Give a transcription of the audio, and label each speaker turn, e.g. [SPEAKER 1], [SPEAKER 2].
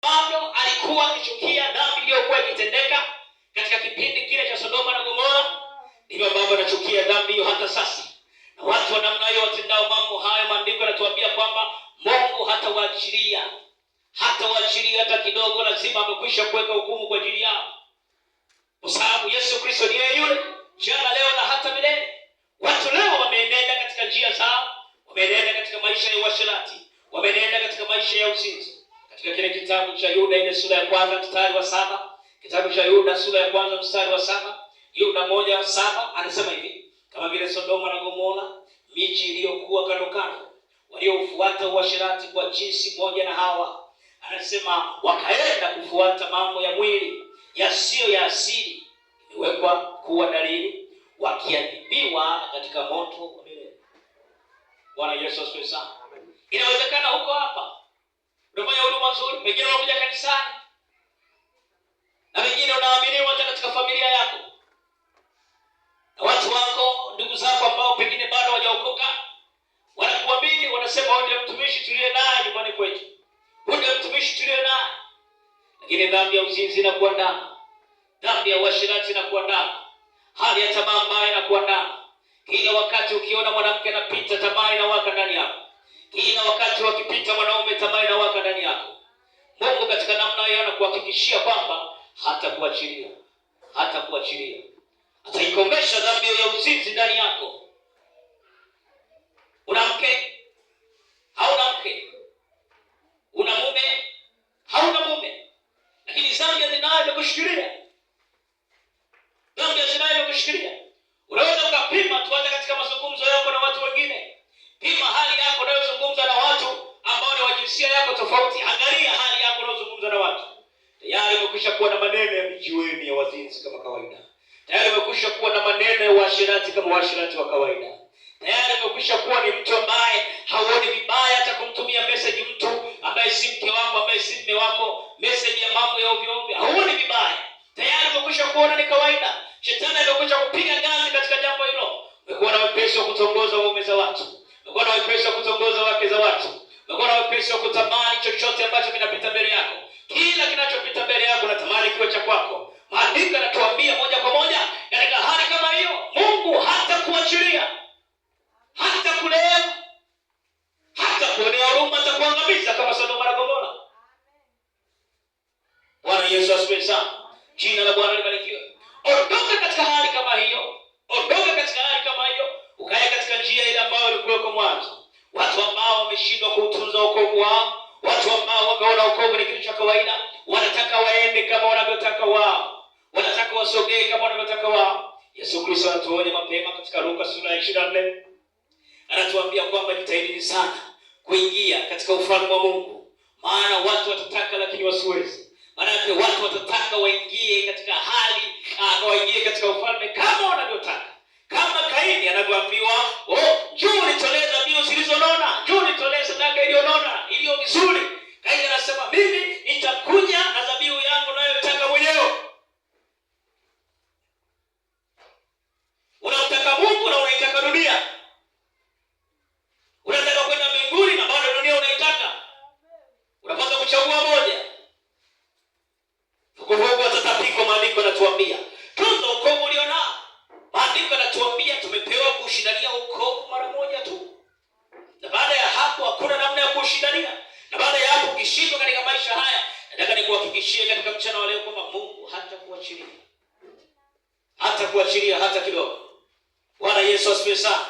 [SPEAKER 1] bado alikuwa akichukia dhambi iliyokuwa ikitendeka katika kipindi kile cha Sodoma na Gomora, ndivyo ambavyo anachukia dhambi hiyo hata sasa. Na watu wa namna hiyo watendao mambo hayo, maandiko yanatuambia kwamba Mungu hatawaachilia, hatawaachilia hata kidogo, lazima amekwisha kuweka hukumu kwa ajili yao, kwa sababu Yesu Kristo ni yeye yule jana, leo na hata milele. Watu leo wameenenda katika njia zao, wameenenda katika maisha ya uasherati, wameenenda katika maisha ya uzinzi katika kile kitabu cha Yuda ile sura ya kwanza mstari wa saba kitabu cha Yuda sura ya kwanza mstari wa saba Yuda moja saba anasema hivi kama vile Sodoma na Gomora miji iliyokuwa kando kando walioufuata uasherati kwa jinsi moja na Hawa anasema wakaenda kufuata mambo ya mwili yasiyo ya asili imewekwa kuwa dalili wakiadhibiwa katika moto wa milele. Bwana Yesu asifiwe sana. Inawezekana huko hapa wazuri, wengine wanakuja kanisani na wengine unaaminiwa hata katika familia yako na watu wako, ndugu zako ambao pengine bado hawajaokoka wanakuamini, wanasema huyu ndiye mtumishi tuliye naye nyumbani kwetu, huyu ndiye mtumishi tuliye naye. Lakini dhambi ya uzinzi inakuandama, dhambi ya uasherati inakuandama, hali ya tamaa mbaya inakuandama. Kila wakati ukiona mwanamke anapita, tamaa inawaka ndani yako. Kila wakati wakipita mwanaume, tamaa Mungu katika namna hiyo anakuhakikishia kwamba hatakuachilia, hatakuachilia, ataikomesha dhambi ya uzinzi ndani yako. Una mke? Hauna mke? Una mume? Hauna mume? Lakini zambi ya zinaa imekushikilia, zambi ya zinaa imekushikilia. hisia yako tofauti. Angalia hali yako unaozungumza na watu. Tayari umekwisha kuwa na maneno ya mijiweni ya wazinzi kama kawaida. Tayari umekwisha kuwa na maneno ya uasherati kama uasherati wa kawaida. Tayari umekwisha kuwa ni mtu ambaye hauoni vibaya hata kumtumia message mtu ambaye si mke wako, ambaye si mme wako, message ya mambo ya ovyo ovyo. Hauoni vibaya. Tayari umekwisha kuona ni kawaida. Shetani amekwisha kupiga ngazi katika jambo hilo. Umekuwa na wepesi wa kutongoza waume za watu. Umekuwa na wepesi wa kutongoza wake za watu. Umekuwa na upesi wa kutamani chochote ambacho kinapita mbele yako. Kila kinachopita mbele yako natamani kiwe cha kwako. Maandiko yanatuambia moja kwa moja, katika hali kama hiyo Mungu hata kuachilia. hata kurehemu, hata kuonea huruma, za kuangamiza kama Sodoma na Gomora. Bwana Yesu asifiwe sana. Jina la Bwana libarikiwe. Ondoka katika hali kama hiyo wanaona ukovu ni kitu cha kawaida, wanataka waende kama wanavyotaka wao, wanataka wasogee kama wanavyotaka wao. Yesu Kristo anatuonya mapema katika Luka sura ya na nne anatuambia kwamba jitahidini sana kuingia katika ufalme wa Mungu, maana watu watataka lakini wasiwezi. Maanake watu watataka waingie katika hali uh, waingie katika ufalme kama wanavyotaka, kama Kaini anavyoambiwa, oh, juu nitolee dhabihu zilizonona, juu nitolee sadaka iliyonona iliyo vizuri akasema mimi nitakunya na dhabihu yangu nayotaka mwenyewe. Unamtaka Mungu na unaitaka dunia. nikuhakikishie katika mchana wa leo kwamba Mungu hata kuachilia hata kidogo. Bwana Yesu asifiwe sana.